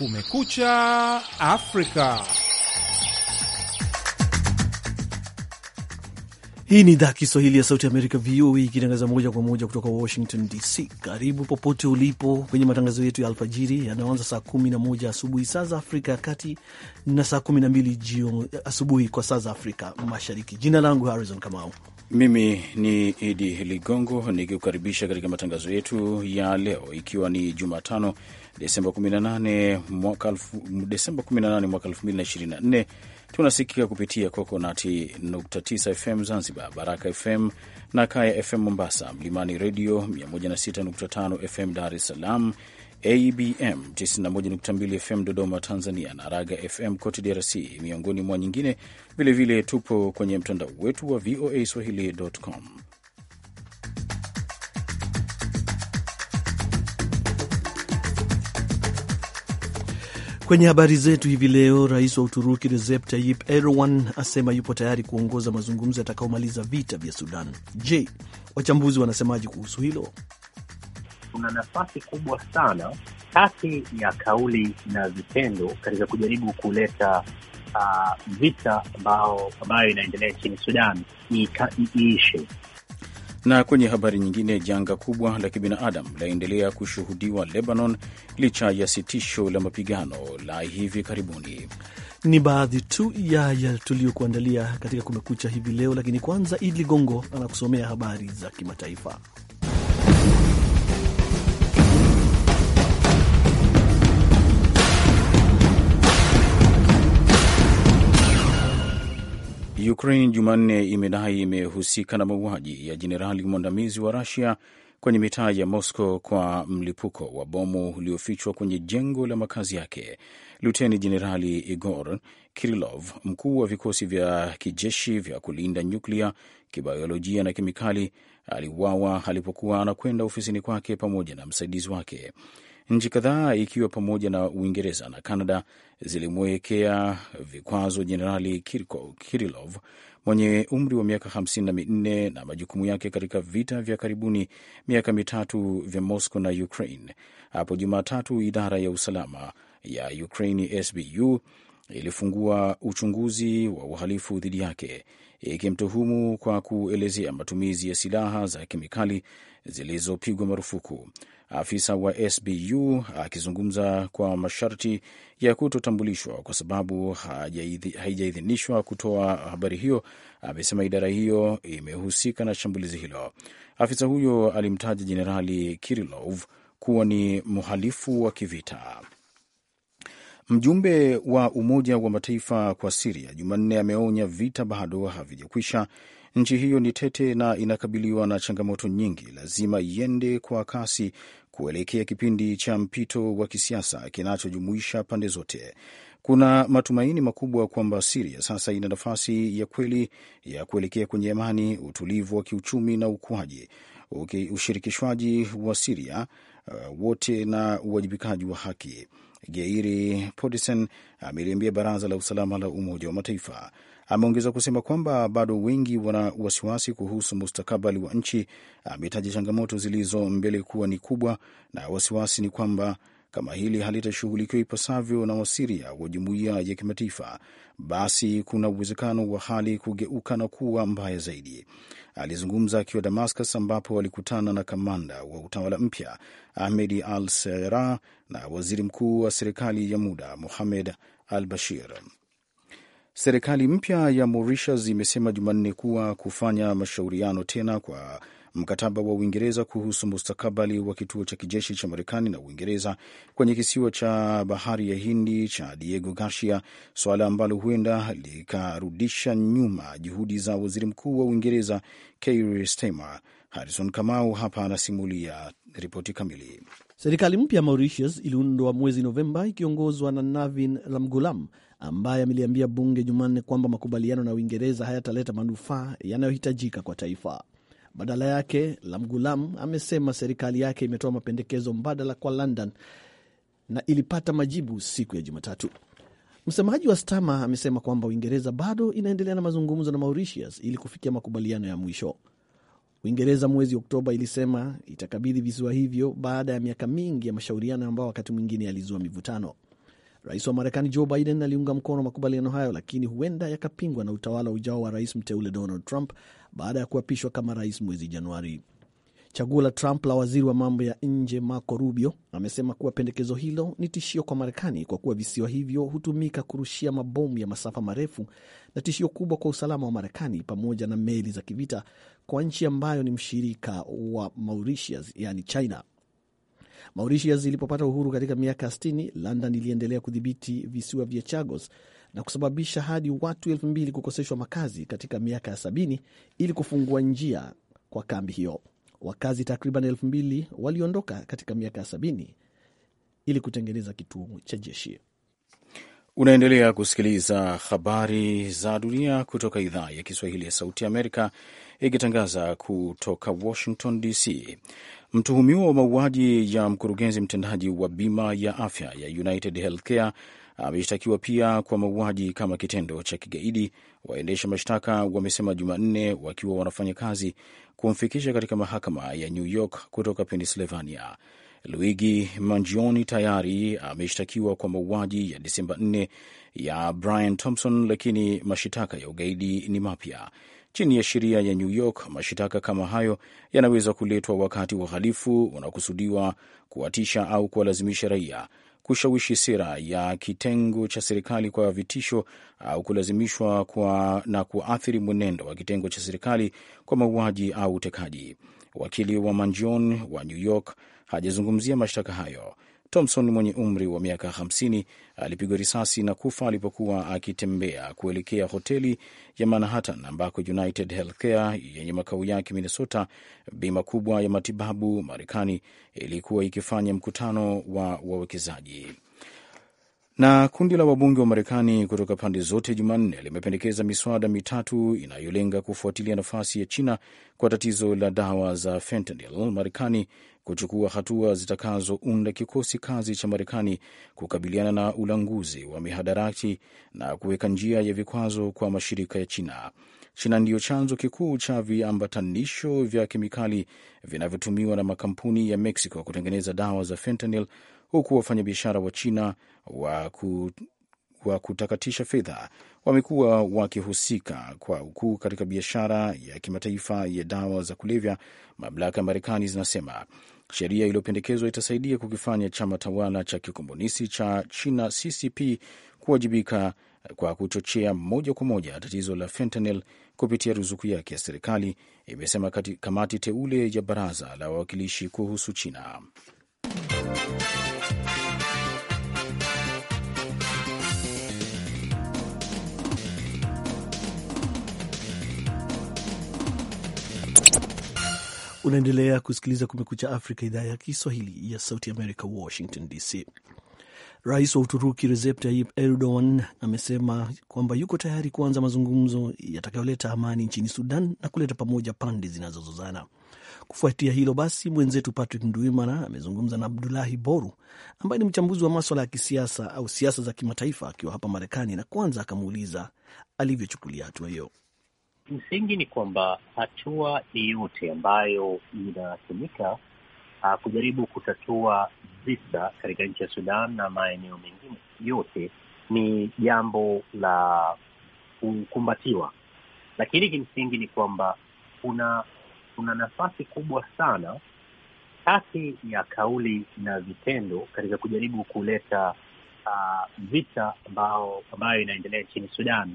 Kumekucha Afrika. Hii ni idhaa Kiswahili ya Sauti ya Amerika, VOA, ikitangaza moja kwa moja kutoka Washington DC. Karibu popote ulipo kwenye matangazo yetu ya alfajiri yanayoanza saa 11 asubuhi saa za Afrika ya Kati na saa 12 asubuhi kwa saa za Afrika Mashariki. Jina langu Harrison Kamau, mimi ni Idi Ligongo nikikukaribisha katika matangazo yetu ya leo, ikiwa ni Jumatano Desemba 18 mwaka 2024 tunasikika kupitia Kokonati 9 FM Zanzibar, Baraka FM na Kaya FM Mombasa, Mlimani Redio 106.5 FM Dar es Salaam, ABM 91.2 FM Dodoma Tanzania na Raga FM kote DRC, miongoni mwa nyingine. Vilevile tupo kwenye mtandao wetu wa VOA swahili.com. Kwenye habari zetu hivi leo, rais wa Uturuki Recep Tayyip Erdogan asema yupo tayari kuongoza mazungumzo yatakaomaliza vita vya Sudan. Je, wachambuzi wanasemaje kuhusu hilo? Kuna nafasi kubwa sana kati ya kauli na vitendo katika kujaribu kuleta uh, vita ambayo inaendelea nchini Sudan iishe. Na kwenye habari nyingine, janga kubwa la kibinadamu laendelea kushuhudiwa Lebanon licha ya sitisho la mapigano la hivi karibuni. Ni baadhi tu ya, ya tuliyokuandalia katika Kumekucha hivi leo, lakini kwanza Idi Ligongo anakusomea habari za kimataifa. Ukraine Jumanne imedai imehusika na mauaji ya jenerali mwandamizi wa Rusia kwenye mitaa ya Moscow kwa mlipuko wa bomu uliofichwa kwenye jengo la makazi yake. Luteni Jenerali Igor Kirilov, mkuu wa vikosi vya kijeshi vya kulinda nyuklia, kibiolojia na kemikali, aliuawa alipokuwa anakwenda ofisini kwake pamoja na msaidizi wake. Nchi kadhaa ikiwa pamoja na Uingereza na canada zilimwekea vikwazo Jenerali Kirilov mwenye umri wa miaka hamsini na minne na majukumu yake katika vita vya karibuni miaka mitatu vya Moscow na Ukraine. Hapo Jumatatu, idara ya usalama ya Ukraine SBU ilifungua uchunguzi wa uhalifu dhidi yake ikimtuhumu kwa kuelezea matumizi ya silaha za kemikali zilizopigwa marufuku afisa wa SBU akizungumza kwa masharti ya kutotambulishwa kwa sababu haijaidhinishwa kutoa habari hiyo. Amesema idara hiyo imehusika na shambulizi hilo. Afisa huyo alimtaja Jenerali Kirilov kuwa ni mhalifu wa kivita. Mjumbe wa Umoja wa Mataifa kwa Siria Jumanne ameonya vita bado havijakwisha Nchi hiyo ni tete na inakabiliwa na changamoto nyingi, lazima iende kwa kasi kuelekea kipindi cha mpito wa kisiasa kinachojumuisha pande zote. Kuna matumaini makubwa kwamba Siria sasa ina nafasi ya kweli ya kuelekea kwenye amani, utulivu wa kiuchumi na ukuaji. Ushirikishwaji wa Siria uh, wote na uwajibikaji wa haki. Geiri Podesen ameliambia Baraza la Usalama la Umoja wa Mataifa Ameongeza kusema kwamba bado wengi wana wasiwasi kuhusu mustakabali wa nchi. Ametaja changamoto zilizo mbele kuwa ni kubwa, na wasiwasi ni kwamba kama hili halitashughulikiwa ipasavyo na wasiria wa jumuiya ya kimataifa, basi kuna uwezekano wa hali kugeuka na kuwa mbaya zaidi. Alizungumza akiwa Damascus, ambapo alikutana na kamanda wa utawala mpya Ahmedi al Sera na waziri mkuu wa serikali ya muda muhamed al Bashir. Serikali mpya ya Mauritius imesema Jumanne kuwa kufanya mashauriano tena kwa mkataba wa Uingereza kuhusu mustakabali wa kituo cha kijeshi cha Marekani na Uingereza kwenye kisiwa cha bahari ya Hindi cha Diego Garcia, suala ambalo huenda likarudisha nyuma juhudi za waziri mkuu wa Uingereza Keir Starmer. Harrison Kamau hapa anasimulia ripoti kamili. Serikali mpya ya Mauritius iliundwa mwezi Novemba ikiongozwa na Navin Ramgulam ambaye ameliambia bunge Jumanne kwamba makubaliano na Uingereza hayataleta manufaa yanayohitajika kwa taifa. Badala yake, Lamgulam amesema serikali yake imetoa mapendekezo mbadala kwa London na ilipata majibu siku ya Jumatatu. Msemaji wa Stama amesema kwamba Uingereza bado inaendelea na mazungumzo na Mauritius ili kufikia makubaliano ya mwisho. Uingereza mwezi Oktoba ilisema itakabidhi visiwa hivyo baada ya miaka mingi ya mashauriano ambayo wakati mwingine yalizua mivutano. Rais wa Marekani Joe Biden aliunga mkono makubaliano hayo, lakini huenda yakapingwa na utawala ujao wa rais mteule Donald Trump baada ya kuapishwa kama rais mwezi Januari. Chaguo la Trump la waziri wa mambo ya nje Marco Rubio amesema kuwa pendekezo hilo ni tishio kwa Marekani kwa kuwa visiwa hivyo hutumika kurushia mabomu ya masafa marefu na tishio kubwa kwa usalama wa Marekani pamoja na meli za kivita kwa nchi ambayo ni mshirika wa Mauritius, yani China. Mauritius ilipopata uhuru katika miaka 60, London iliendelea kudhibiti visiwa vya Chagos na kusababisha hadi watu elfu mbili kukoseshwa makazi katika miaka ya 70 ili kufungua njia kwa kambi hiyo. Wakazi takriban elfu mbili waliondoka katika miaka ya 70 ili kutengeneza kituo cha jeshi. Unaendelea kusikiliza habari za dunia kutoka idhaa ya Kiswahili ya Sauti Amerika, ikitangaza kutoka Washington DC. Mtuhumiwa wa mauaji ya mkurugenzi mtendaji wa bima ya afya ya United Healthcare ameshtakiwa pia kwa mauaji kama kitendo cha kigaidi, waendesha mashtaka wamesema Jumanne, wakiwa wanafanya kazi kumfikisha katika mahakama ya New York kutoka Pennsylvania. Luigi Mangione tayari ameshtakiwa kwa mauaji ya Desemba 4 ya Brian Thompson, lakini mashitaka ya ugaidi ni mapya. Chini ya sheria ya New York, mashitaka kama hayo yanaweza kuletwa wakati wahalifu unakusudiwa kuwatisha au kuwalazimisha raia, kushawishi sera ya kitengo cha serikali kwa vitisho au kulazimishwa kwa na kuathiri mwenendo wa kitengo cha serikali kwa mauaji au utekaji. Wakili wa Manjon wa New York hajazungumzia mashtaka hayo. Thompson mwenye umri wa miaka 50 alipigwa risasi na kufa alipokuwa akitembea kuelekea hoteli ya Manhattan ambako United Healthcare yenye makao yake Minnesota, bima kubwa ya matibabu Marekani, ilikuwa ikifanya mkutano wa wawekezaji. Na kundi la wabunge wa Marekani kutoka pande zote Jumanne limependekeza miswada mitatu inayolenga kufuatilia nafasi ya China kwa tatizo la dawa za fentanyl Marekani kuchukua hatua zitakazounda kikosi kazi cha Marekani kukabiliana na ulanguzi wa mihadarati na kuweka njia ya vikwazo kwa mashirika ya China. China ndiyo chanzo kikuu cha viambatanisho vya kemikali vinavyotumiwa na makampuni ya Mexico kutengeneza dawa za fentanyl, huku wafanyabiashara wa China wa ku wa kutakatisha fedha wamekuwa wakihusika kwa ukuu katika biashara ya kimataifa ya dawa za kulevya, mamlaka ya Marekani zinasema. Sheria iliyopendekezwa itasaidia kukifanya chama tawala cha kikomunisti cha China CCP kuwajibika kwa kuchochea moja kwa moja tatizo la fentanyl kupitia ruzuku yake ya serikali, imesema kamati teule ya baraza la wawakilishi kuhusu China. Unaendelea kusikiliza Kumekucha Afrika, idhaa ya Kiswahili ya Sauti Amerika, Washington DC. Rais wa Uturuki Recep Tayyip Erdogan amesema kwamba yuko tayari kuanza mazungumzo yatakayoleta amani nchini Sudan na kuleta pamoja pande zinazozozana. Kufuatia hilo basi, mwenzetu Patrick Nduimana amezungumza na Abdulahi Boru ambaye ni mchambuzi wa maswala ya kisiasa au siasa za kimataifa akiwa hapa Marekani, na kwanza akamuuliza alivyochukulia hatua hiyo. Kimsingi ni kwamba hatua yeyote ambayo inatumika uh, kujaribu kutatua visa katika nchi ya Sudan na maeneo mengine yote ni jambo la kukumbatiwa, lakini kimsingi ni kwamba kuna kuna nafasi kubwa sana kati ya kauli na vitendo katika kujaribu kuleta uh, vita ambayo inaendelea nchini Sudan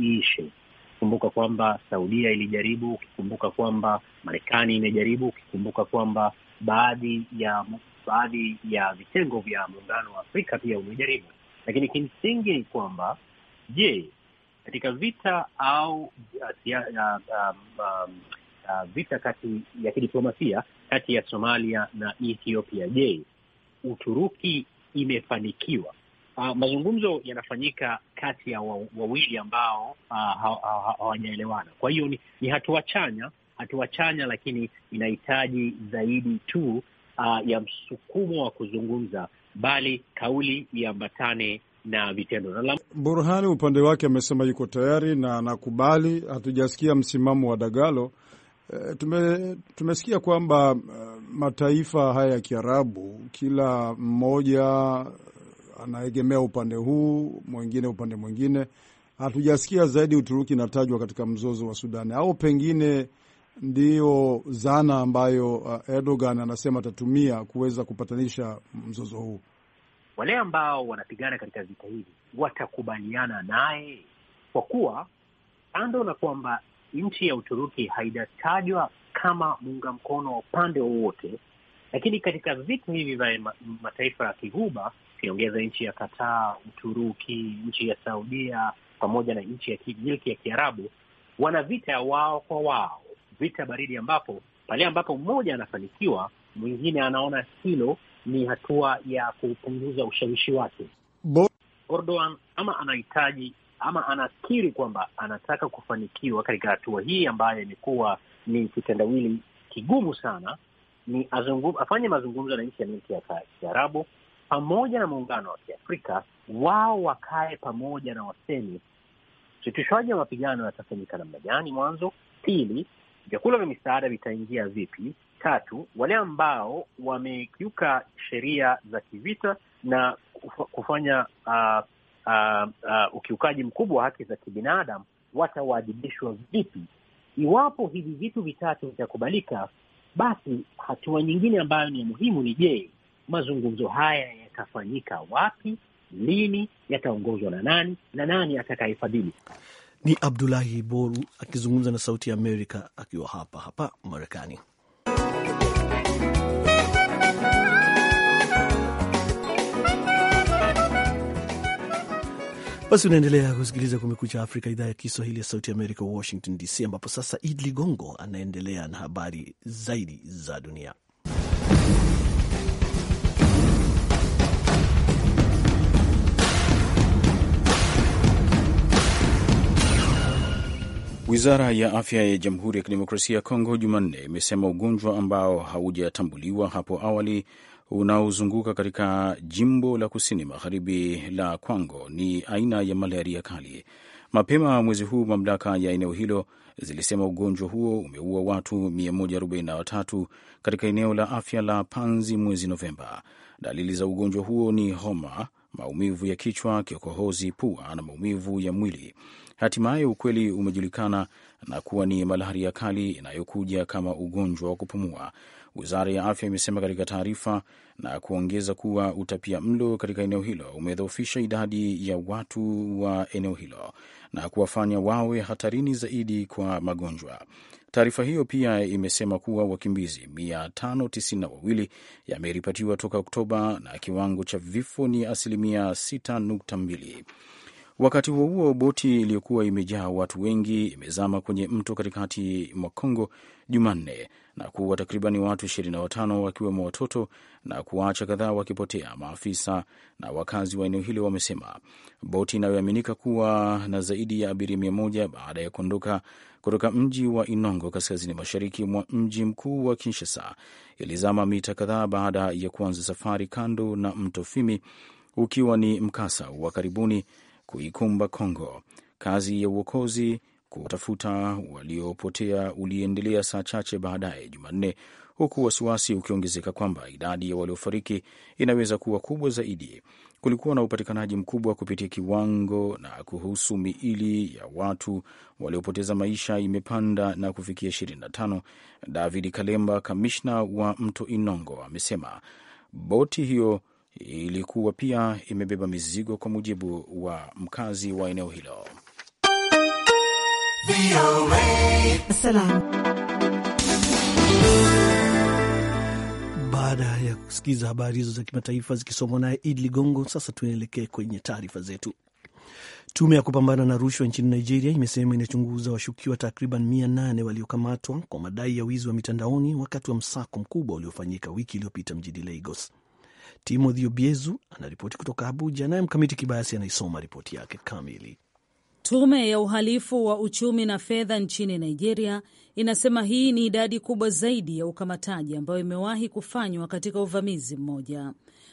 iishe ukikumbuka kwamba Saudia ilijaribu, ukikumbuka kwamba Marekani imejaribu, ukikumbuka kwamba baadhi ya baadhi ya vitengo vya muungano wa Afrika pia umejaribu. Lakini kimsingi ni kwamba je, katika vita au uh, uh, um, um, uh, vita kati ya kidiplomasia kati ya Somalia na Ethiopia, je, Uturuki imefanikiwa Uh, mazungumzo yanafanyika kati ya wawili ambao hawajaelewana. Uh, ha, ha, ha, kwa hiyo ni, ni hatua chanya, hatua chanya, lakini inahitaji zaidi tu uh, ya msukumo wa kuzungumza, bali kauli iambatane na vitendo. Burhani upande wake amesema yuko tayari na anakubali. Hatujasikia msimamo wa Dagalo. Eh, tume, tumesikia kwamba eh, mataifa haya ya Kiarabu kila mmoja anaegemea upande huu, mwingine upande mwingine. Hatujasikia zaidi Uturuki inatajwa katika mzozo wa Sudani, au pengine ndiyo zana ambayo uh, Erdogan anasema atatumia kuweza kupatanisha mzozo huu. Wale ambao wanapigana katika vita hivi watakubaliana naye, kwa kuwa kando na kwamba nchi ya Uturuki haijatajwa kama muunga mkono wa upande wowote, lakini katika vita hivi vya mataifa ya Kiguba ukiongeza nchi ya kataa Uturuki, nchi ya Saudia pamoja na nchi ya Kigiriki ya Kiarabu, wana vita ya wao kwa wao, vita baridi, ambapo pale ambapo mmoja anafanikiwa mwingine anaona hilo ni hatua ya kupunguza ushawishi wake. Erdogan ama anahitaji ama anakiri kwamba anataka kufanikiwa katika hatua hii ambayo imekuwa ni kitendawili kigumu sana, ni afanye mazungumzo na nchi ya milki ya Kiarabu pamoja na muungano wa Kiafrika wao wakae pamoja na waseme usitishwaji wa mapigano yatafanyika namna gani, mwanzo. Pili, vyakula vya misaada vitaingia vipi? Tatu, wale ambao wamekiuka sheria za kivita na kufanya uh, uh, uh, ukiukaji mkubwa wa haki za kibinadamu watawajibishwa vipi? Iwapo hivi vitu vitatu vitakubalika, basi hatua nyingine ambayo ni muhimu ni je, mazungumzo haya yatafanyika wapi, lini, yataongozwa na nani na nani atakayefadhili. Ni Abdulahi Boru akizungumza na Sauti ya Amerika akiwa hapa hapa Marekani. Basi unaendelea kusikiliza Kumekucha Afrika, idhaa ya Kiswahili ya Sauti Amerika, Washington DC, ambapo sasa Id Ligongo anaendelea na habari zaidi za dunia. Wizara ya afya ya Jamhuri ya Kidemokrasia ya Kongo Jumanne imesema ugonjwa ambao haujatambuliwa hapo awali unaozunguka katika jimbo la kusini magharibi la Kwango ni aina ya malaria kali. Mapema mwezi huu mamlaka ya eneo hilo zilisema ugonjwa huo umeua watu 143 katika eneo la afya la Panzi mwezi Novemba. Dalili za ugonjwa huo ni homa, maumivu ya kichwa, kikohozi, pua na maumivu ya mwili. Hatimaye ukweli umejulikana na kuwa ni malaria kali inayokuja kama ugonjwa wa kupumua, wizara ya afya imesema katika taarifa, na kuongeza kuwa utapia mlo katika eneo hilo umedhoofisha idadi ya watu wa eneo hilo na kuwafanya wawe hatarini zaidi kwa magonjwa. Taarifa hiyo pia imesema kuwa wakimbizi 592 yameripotiwa toka Oktoba na kiwango cha vifo ni asilimia 6.2. Wakati huo huo, boti iliyokuwa imejaa watu wengi imezama kwenye mto katikati mwa Kongo Jumanne na kuua takriban watu 25 wakiwemo watoto na kuwaacha kadhaa wakipotea. Maafisa na wakazi wa eneo hilo wamesema boti inayoaminika kuwa na zaidi ya abiria mia moja baada ya kuondoka kutoka mji wa Inongo kaskazini mashariki mwa mji mkuu wa Kinshasa ilizama mita kadhaa baada ya kuanza safari kando na mto Fimi, ukiwa ni mkasa wa karibuni kuikumba congo Kazi ya uokozi kutafuta waliopotea uliendelea saa chache baadaye Jumanne, huku wasiwasi ukiongezeka kwamba idadi ya waliofariki inaweza kuwa kubwa zaidi. Kulikuwa na upatikanaji mkubwa kupitia kiwango na kuhusu miili ya watu waliopoteza maisha imepanda na kufikia 25. David Kalemba, kamishna wa mto Inongo, amesema boti hiyo ilikuwa pia imebeba mizigo, kwa mujibu wa mkazi wa eneo hilo. Baada ya kusikiza habari hizo za kimataifa zikisomwa naye Id Ligongo, sasa tuelekee kwenye taarifa zetu. Tume ya kupambana na rushwa nchini Nigeria imesema inachunguza washukiwa takriban mia nane waliokamatwa kwa madai ya wizi wa mitandaoni wakati wa msako mkubwa uliofanyika wiki iliyopita mjini Lagos. Timothy Obiezu anaripoti kutoka Abuja, naye Mkamiti Kibayasi anaisoma ripoti yake kamili. Tume ya uhalifu wa uchumi na fedha nchini Nigeria inasema hii ni idadi kubwa zaidi ya ukamataji ambayo imewahi kufanywa katika uvamizi mmoja.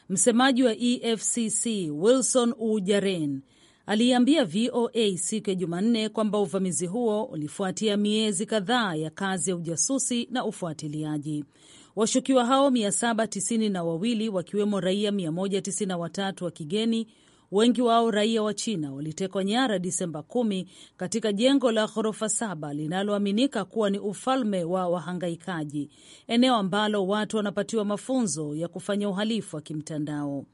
Msemaji wa EFCC Wilson Ujaren aliiambia VOA siku ya Jumanne kwamba uvamizi huo ulifuatia miezi kadhaa ya kazi ya ujasusi na ufuatiliaji. Washukiwa hao 792 wawili wakiwemo raia 193 watatu wa kigeni wengi wao raia wa China walitekwa nyara Disemba 1 katika jengo la ghorofa saba linaloaminika kuwa ni ufalme wa wahangaikaji, eneo ambalo watu wanapatiwa mafunzo ya kufanya uhalifu wa kimtandao.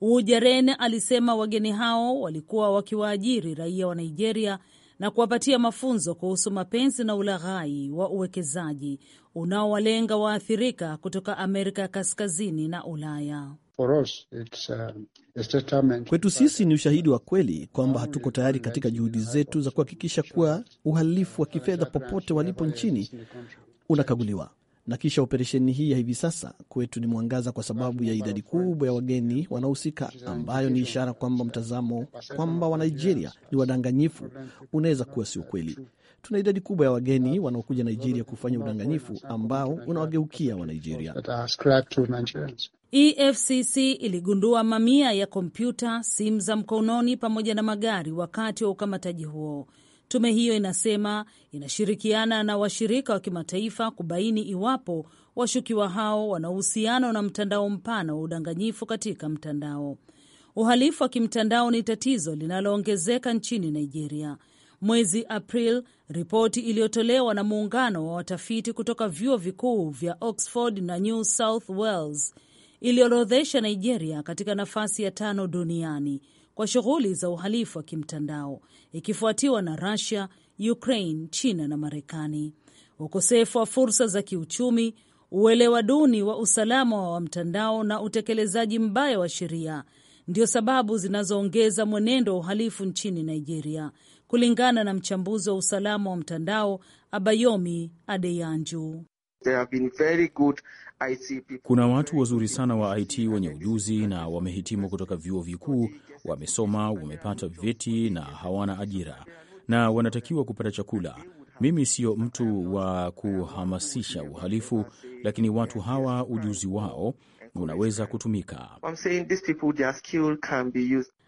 Ujerene alisema wageni hao walikuwa wakiwaajiri raia wa Nigeria na kuwapatia mafunzo kuhusu mapenzi na ulaghai wa uwekezaji unaowalenga waathirika kutoka Amerika ya Kaskazini na Ulaya. Uh, Kwetu sisi ni ushahidi wa kweli kwamba hatuko tayari katika juhudi zetu za kuhakikisha kuwa uhalifu wa kifedha popote walipo nchini unakaguliwa na kisha operesheni hii ya hivi sasa kwetu ni mwangaza, kwa sababu ya idadi kubwa ya wageni wanaohusika, ambayo ni ishara kwamba mtazamo kwamba Wanigeria ni wadanganyifu unaweza kuwa sio kweli Tuna idadi kubwa ya wageni wanaokuja Nigeria kufanya udanganyifu ambao unawageukia Wanigeria. EFCC e iligundua mamia ya kompyuta, simu za mkononi pamoja na magari wakati wa ukamataji huo. Tume hiyo inasema inashirikiana na washirika wa kimataifa kubaini iwapo washukiwa hao wana uhusiano na mtandao mpana wa udanganyifu katika mtandao. Uhalifu wa kimtandao ni tatizo linaloongezeka nchini Nigeria. Mwezi April, ripoti iliyotolewa na muungano wa watafiti kutoka vyuo vikuu vya Oxford na New South Wales iliorodhesha Nigeria katika nafasi ya tano duniani kwa shughuli za uhalifu wa kimtandao ikifuatiwa na Russia, Ukraine, China na Marekani. Ukosefu wa fursa za kiuchumi, uelewa duni wa usalama wa mtandao na utekelezaji mbaya wa sheria ndio sababu zinazoongeza mwenendo wa uhalifu nchini Nigeria, kulingana na mchambuzi wa usalama wa mtandao Abayomi Adeyanju. There have been very good kuna watu wazuri sana wa IT wenye ujuzi na wamehitimu kutoka vyuo vikuu, wamesoma, wamepata vyeti na hawana ajira na wanatakiwa kupata chakula. Mimi sio mtu wa kuhamasisha uhalifu, lakini watu hawa ujuzi wao unaweza kutumika.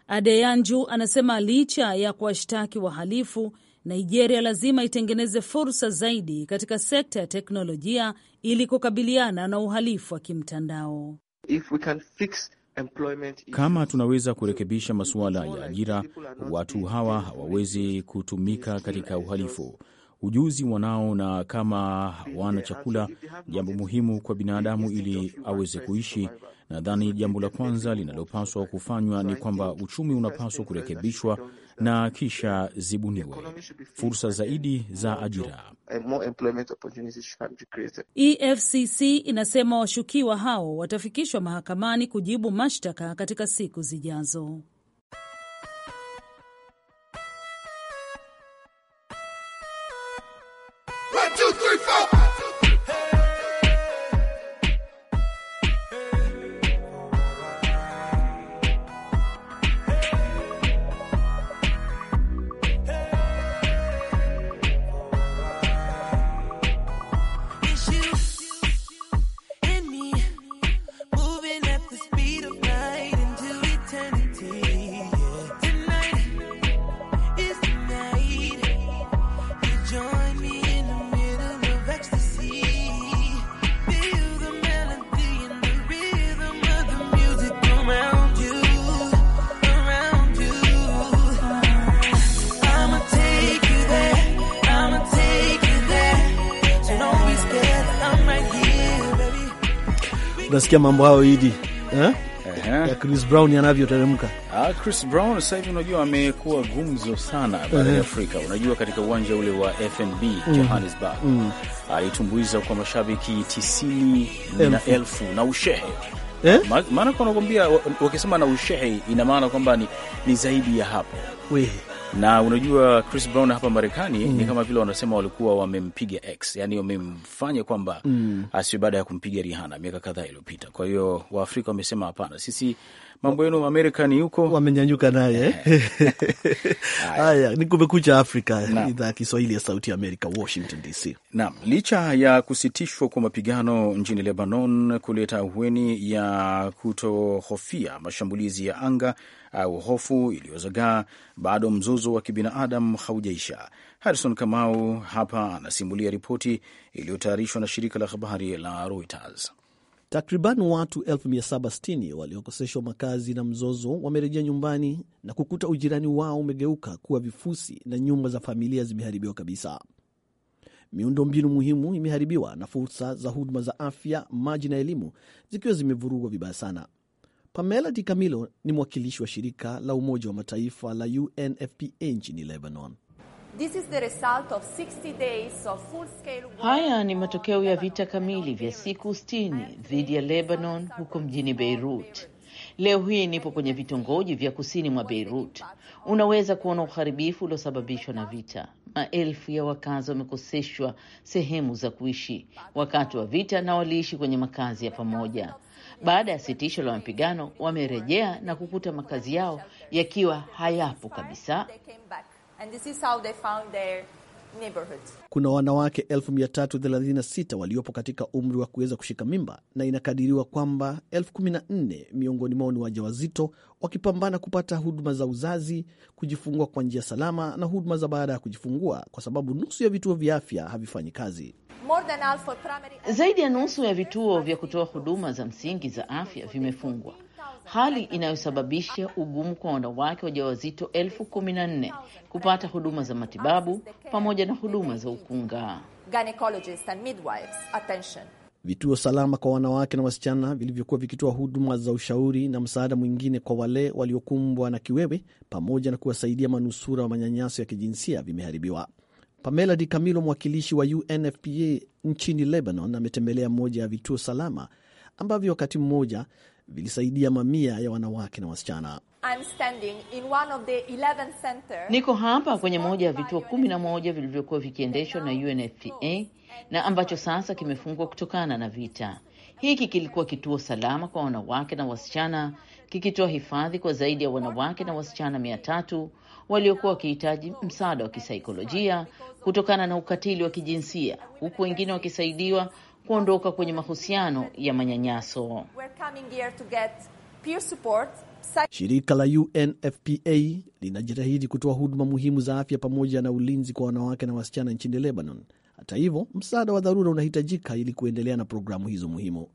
Adeyanju anasema licha ya kuwashtaki wahalifu Nigeria lazima itengeneze fursa zaidi katika sekta ya teknolojia ili kukabiliana na uhalifu wa kimtandao. If we can fix kama tunaweza kurekebisha masuala ya ajira, watu hawa hawawezi kutumika katika uhalifu ujuzi wanao na kama wana chakula, jambo muhimu kwa binadamu ili aweze kuishi. Nadhani jambo la kwanza linalopaswa kufanywa ni kwamba uchumi unapaswa kurekebishwa na kisha zibuniwe fursa zaidi za ajira. EFCC inasema washukiwa hao watafikishwa mahakamani kujibu mashtaka katika siku zijazo. Utasikia mambo hayo Idi eh? Ya Chris Brown yanavyoteremka. Ah, Chris Brown sasa hivi unajua amekuwa gumzo sana barani uh -huh. Afrika. Unajua katika uwanja ule wa FNB mm Johannesburg mm alitumbuiza kwa mashabiki tisini na elfu na ushehe eh? Maana kwa nakwambia wakisema na ushehe ina maana kwamba ni, ni zaidi ya hapo. Wewe na unajua Chris Brown hapa Marekani mm. ni kama vile wanasema walikuwa wamempiga X, yani wamemfanya kwamba mm. asi baada ya kumpiga Rihanna miaka kadhaa iliyopita. Kwa hiyo Waafrika wamesema hapana, sisi mambo yenu ni huko wamenyanyuka naye. Eh. Haya ni Kumekucha Afrika, idhaa ya Kiswahili ya Sauti ya Amerika, Washington DC. Naam, licha ya kusitishwa kwa mapigano nchini Lebanon kuleta ahueni ya kutohofia mashambulizi ya anga au hofu iliyozagaa, bado mzozo wa kibinadamu haujaisha. Harrison Kamau hapa anasimulia ripoti iliyotayarishwa na shirika la habari la Reuters. Takriban watu 760 waliokoseshwa makazi na mzozo wamerejea nyumbani na kukuta ujirani wao umegeuka kuwa vifusi na nyumba za familia zimeharibiwa kabisa. miundo mbinu muhimu imeharibiwa na fursa za huduma za afya, maji na elimu zikiwa zimevurugwa vibaya sana. Pamela Di Camilo ni mwakilishi wa shirika la Umoja wa Mataifa la UNFPA nchini Lebanon. This is the result of 60 days of full scale war. Haya ni matokeo ya vita kamili vya siku 60 dhidi ya Lebanon huko mjini Beirut. Leo hii nipo kwenye vitongoji vya kusini mwa Beirut. Unaweza kuona uharibifu uliosababishwa na vita. Maelfu ya wakazi wamekoseshwa sehemu za kuishi wakati wa vita na waliishi kwenye makazi ya pamoja. Baada ya sitisho la mapigano, wamerejea na kukuta makazi yao yakiwa hayapo kabisa. And this is how they found their neighborhood. Kuna wanawake 336 waliopo katika umri wa kuweza kushika mimba na inakadiriwa kwamba 14 miongoni mwao ni wajawazito wakipambana kupata huduma za uzazi, kujifungua kwa njia salama na huduma za baada ya kujifungua, kwa sababu nusu ya vituo vya afya havifanyi kazi. Zaidi ya nusu ya vituo vya kutoa huduma za msingi za afya vimefungwa hali inayosababisha ugumu kwa wanawake wajawazito elfu kumi na nne kupata huduma za matibabu pamoja na huduma za ukunga. Vituo salama kwa wanawake na wasichana vilivyokuwa vikitoa huduma za ushauri na msaada mwingine kwa wale waliokumbwa na kiwewe pamoja na kuwasaidia manusura wa manyanyaso ya kijinsia vimeharibiwa. Pamela Di Camilo, mwakilishi wa UNFPA nchini Lebanon, ametembelea moja ya vituo salama ambavyo wakati mmoja vilisaidia mamia ya wanawake na wasichana. Niko hapa kwenye moja ya vituo kumi na moja vilivyokuwa vikiendeshwa na UNFPA na ambacho sasa kimefungwa kutokana na vita. Hiki kilikuwa kituo salama kwa wanawake na wasichana, kikitoa hifadhi kwa zaidi ya wanawake na wasichana mia tatu waliokuwa wakihitaji msaada wa kisaikolojia kutokana na ukatili wa kijinsia, huku wengine wakisaidiwa kuondoka kwenye mahusiano ya manyanyaso. Shirika la UNFPA linajitahidi kutoa huduma muhimu za afya pamoja na ulinzi kwa wanawake na wasichana nchini Lebanon. Hata hivyo, msaada wa dharura unahitajika ili kuendelea na programu hizo muhimu.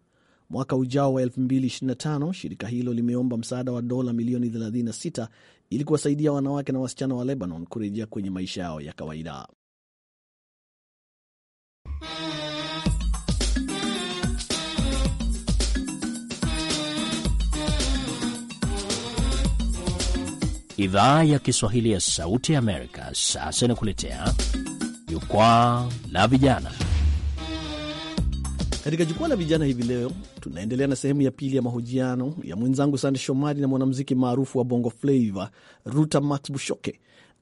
Mwaka ujao wa 2025 shirika hilo limeomba msaada wa dola milioni 36 ili kuwasaidia wanawake na wasichana wa Lebanon kurejea kwenye maisha yao ya kawaida. Idhaa ya Kiswahili ya Sauti ya Amerika sasa inakuletea Jukwaa la Vijana. Katika Jukwaa la Vijana hivi leo tunaendelea na sehemu ya pili ya mahojiano ya mwenzangu Sande Shomari na mwanamuziki maarufu wa Bongo Flava Ruta bushoke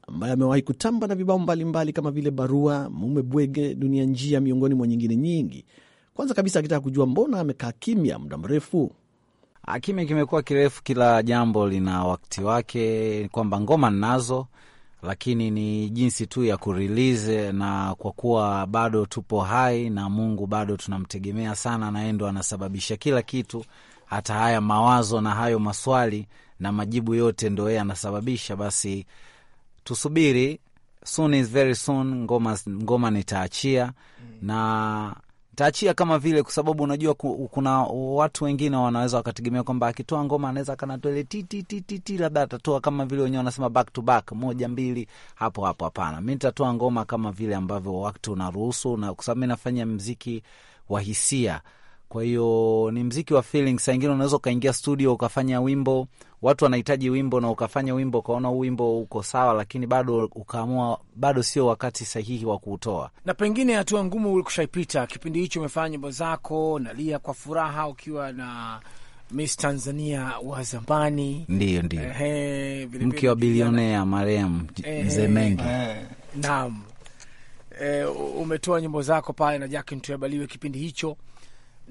ambaye amewahi kutamba na vibao mbalimbali kama vile Barua, Mume Bwege, Dunia Njia, miongoni mwa nyingine nyingi. Kwanza kabisa akitaka kujua mbona amekaa kimya muda mrefu. Ah, kimya kimekuwa kirefu, kila jambo lina wakati wake, kwamba ngoma ninazo lakini ni jinsi tu ya kurilize, na kwa kuwa bado tupo hai na Mungu bado tunamtegemea sana, na yeye ndo anasababisha kila kitu, hata haya mawazo na hayo maswali na majibu yote ndo yeye anasababisha. Basi tusubiri, soon is very soon, ngoma, ngoma nitaachia mm. na Taachia kama vile, kwa sababu unajua kuna watu wengine wanaweza wakategemea kwamba akitoa ngoma anaweza kanatwele ti ti ti ti ti, labda atatoa kama vile wenyewe wanasema back to back, moja mbili, hapo hapo. Hapana, mi nitatoa ngoma kama vile ambavyo wakati unaruhusu, na kwa sababu mi nafanya mziki wa hisia kwa hiyo ni mziki wa feeling. Saa ingine unaweza ukaingia studio ukafanya wimbo, watu wanahitaji wimbo na ukafanya wimbo, ukaona huu wimbo uko sawa, lakini bado ukaamua bado sio wakati sahihi wa kuutoa. Na pengine hatua ngumu ulikushaipita kipindi hicho, umefanya nyimbo zako, nalia kwa furaha ukiwa na Miss Tanzania wa zamani, ndio ndio, mke wa bilionea marehemu Mzee Mengi, naam, eh, umetoa nyimbo zako pale na Jack Ntwebaliwe kipindi hicho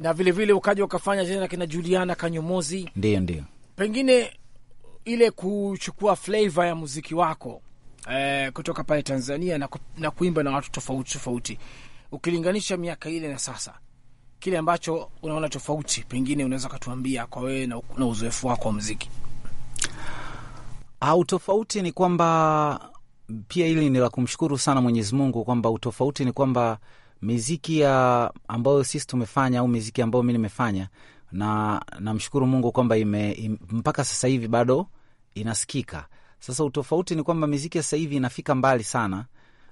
na vile vile ukaja ukafanya tena kina Juliana Kanyomozi, ndio ndio, pengine ile kuchukua flavor ya muziki wako eh, kutoka pale Tanzania na, ku, na kuimba na watu tofauti tofauti, ukilinganisha miaka ile na sasa, kile ambacho unaona tofauti, pengine unaweza ukatuambia kwa wewe na, na uzoefu wako wa muziki au tofauti ni kwamba pia hili ni la kumshukuru sana Mwenyezi Mungu kwamba utofauti ni kwamba miziki ya ambayo sisi tumefanya au miziki ambayo mi nimefanya, na namshukuru Mungu kwamba ime, im, mpaka sasa hivi bado inasikika. Sasa utofauti ni kwamba miziki ya sasa hivi inafika mbali sana,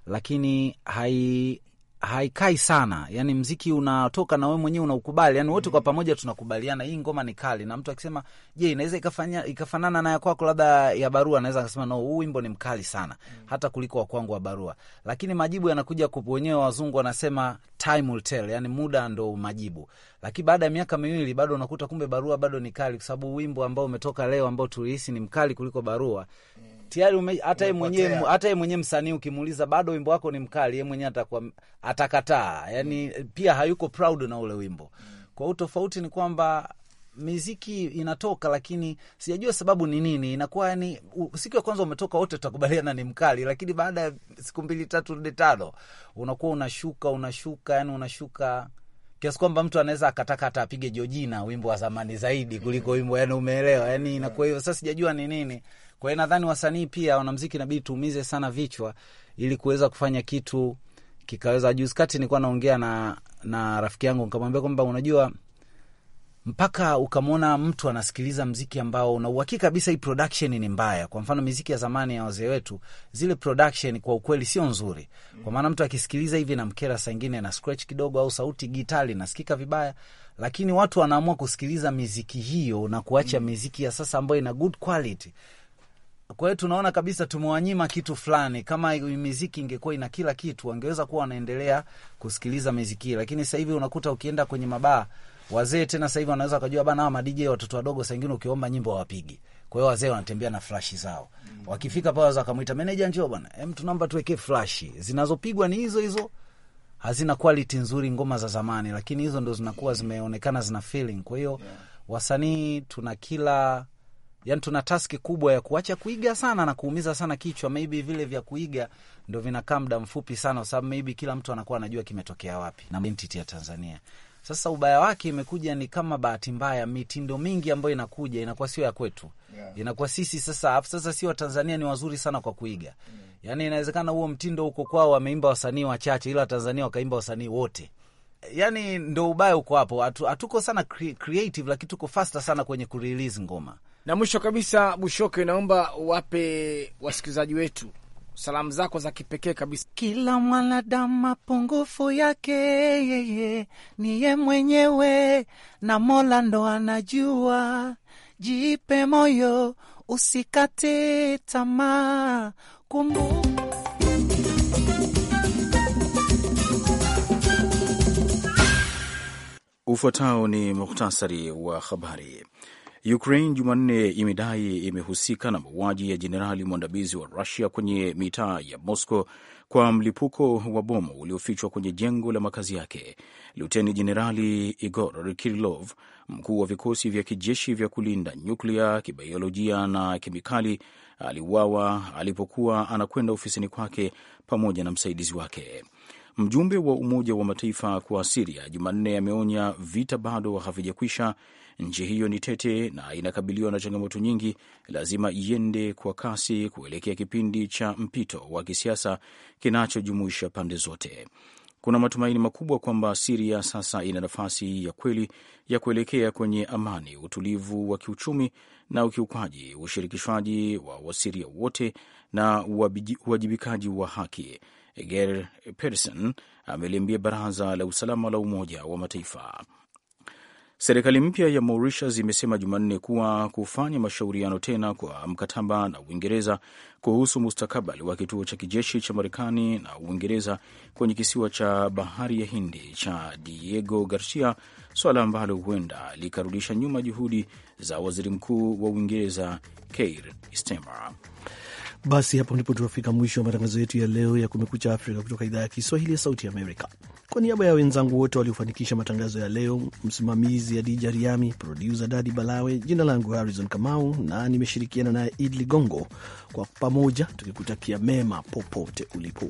lakini hai haikai sana, yani mziki unatoka na wewe mwenyewe unaukubali, yani wote mm. kwa pamoja tunakubaliana hii ngoma ni kali, na mtu akisema je, inaweza ikafanya ikafanana na ya kwako labda ya barua, anaweza akasema no, huu wimbo ni mkali sana mm. hata kuliko wa kwangu wa barua, lakini majibu yanakuja wenyewe. Wazungu wanasema time will tell, yani muda ndo majibu. Lakini baada ya miaka miwili bado unakuta kumbe barua bado ni kali, kwa sababu wimbo ambao umetoka leo ambao tulihisi ni mkali kuliko barua mm tayari hata yeye mwenyewe hata yeye mwenyewe msanii ukimuuliza bado wimbo wako ni mkali, yeye mwenyewe atakuwa atakataa, yani mm. pia hayuko proud na ule wimbo mm. kwa hiyo tofauti ni kwamba miziki inatoka lakini sijajua sababu ni nini. Inakuwa yani, siku ya kwanza umetoka wote tutakubaliana ni mkali, lakini baada ya siku mbili tatu nne tano unakuwa unashuka unashuka, yani unashuka kiasi kwamba mtu anaweza akataka hata apige Jojina, wimbo wa zamani zaidi kuliko wimbo yani, umeelewa yani, inakuwa hivyo. Sasa sijajua ni nini kwa hiyo nadhani wasanii pia, wanamziki, inabidi tuumize sana vichwa ili kuweza kufanya kitu kikaweza. Juzi kati nilikuwa naongea na, na rafiki yangu nikamwambia kwamba unajua mpaka ukamwona mtu anasikiliza mziki ambao una uhakika kabisa hii production ni mbaya. Kwa mfano miziki ya zamani ya wazee wetu, zile production kwa ukweli sio nzuri, kwa maana mtu akisikiliza hivi na mkera saa ingine na scratch kidogo, au sauti gitari nasikika vibaya, lakini watu wanaamua kusikiliza miziki hiyo na kuacha miziki ya sasa ambayo ina good quality. Kwa hiyo tunaona kabisa tumewanyima kitu fulani. Kama miziki ingekuwa ina kila kitu, wangeweza kuwa wanaendelea kusikiliza miziki, lakini sasa hivi unakuta ukienda kwenye mabaa wazee tena sasa hivi wanaweza wakajua bana, hawa madj watoto wadogo saa ingine ukiomba nyimbo wawapigi. Kwa hiyo wazee wanatembea na flashi zao, mm. wakifika pale waweza wakamwita meneja, njoo bwana, em, tunaomba tuwekee flashi. Zinazopigwa ni hizo hizo, hazina quality nzuri, ngoma za zamani, lakini hizo ndo zinakuwa zimeonekana zina feeling. Kwa hiyo wasanii tuna kila yani tuna taski kubwa ya kuacha kuiga sana na kuumiza sana kichwa. Maybe vile vya kuiga ndo vinakaa muda mfupi sana, kwa sababu maybe kila mtu anakuwa anajua kimetokea wapi na entity ya Tanzania. Sasa ubaya wake imekuja ni kama bahati mbaya, mitindo mingi ambayo inakuja inakuwa sio ya kwetu, yeah. inakuwa sisi sasa, afu sasa si Watanzania ni wazuri sana kwa kuiga mm. Yani inawezekana huo mtindo huko kwao wameimba wasanii wachache, ila Tanzania wakaimba wasanii wote yani ndo ubaya uko hapo. Hatuko sana creative, lakini tuko fasta sana kwenye kurelease ngoma. Na mwisho kabisa, Bushoke, naomba wape wasikilizaji wetu salamu zako za kipekee kabisa. Kila mwanadamu mapungufu yake, yeye ni ye mwenyewe, na Mola ndo anajua. Jipe moyo, usikate tamaa, kumbuka Ufuatao ni muhtasari wa habari. Ukraine Jumanne imedai imehusika na mauaji ya jenerali mwandamizi wa Rusia kwenye mitaa ya Moscow kwa mlipuko wa bomu uliofichwa kwenye jengo la makazi yake. Luteni Jenerali Igor Kirilov, mkuu wa vikosi vya kijeshi vya kulinda nyuklia, kibaiolojia na kemikali, aliuawa alipokuwa anakwenda ofisini kwake pamoja na msaidizi wake. Mjumbe wa Umoja wa Mataifa kwa Siria Jumanne ameonya vita bado havijakwisha Nchi hiyo ni tete na inakabiliwa na changamoto nyingi, lazima iende kwa kasi kuelekea kipindi cha mpito wa kisiasa kinachojumuisha pande zote. Kuna matumaini makubwa kwamba Siria sasa ina nafasi ya kweli ya kuelekea kwenye amani, utulivu wa kiuchumi na ukiukwaji, ushirikishwaji wa Wasiria wote na uwajibikaji wa haki, Geir Pedersen ameliambia Baraza la Usalama la Umoja wa Mataifa. Serikali mpya ya Mauritius imesema Jumanne kuwa kufanya mashauriano tena kwa mkataba na Uingereza kuhusu mustakabali wa kituo cha kijeshi cha Marekani na Uingereza kwenye kisiwa cha bahari ya Hindi cha Diego Garcia, swala ambalo huenda likarudisha nyuma juhudi za waziri mkuu wa Uingereza Keir Starmer. Basi hapo ndipo tunafika mwisho wa matangazo yetu ya leo ya Kumekucha Afrika kutoka idhaa ya Kiswahili ya Sauti Amerika. Kwa niaba ya wenzangu wote waliofanikisha matangazo ya leo, msimamizi Adija Riami, produsa Dadi Balawe, jina langu Harrison Kamau na nimeshirikiana naye Id Ligongo, kwa pamoja tukikutakia mema popote ulipo.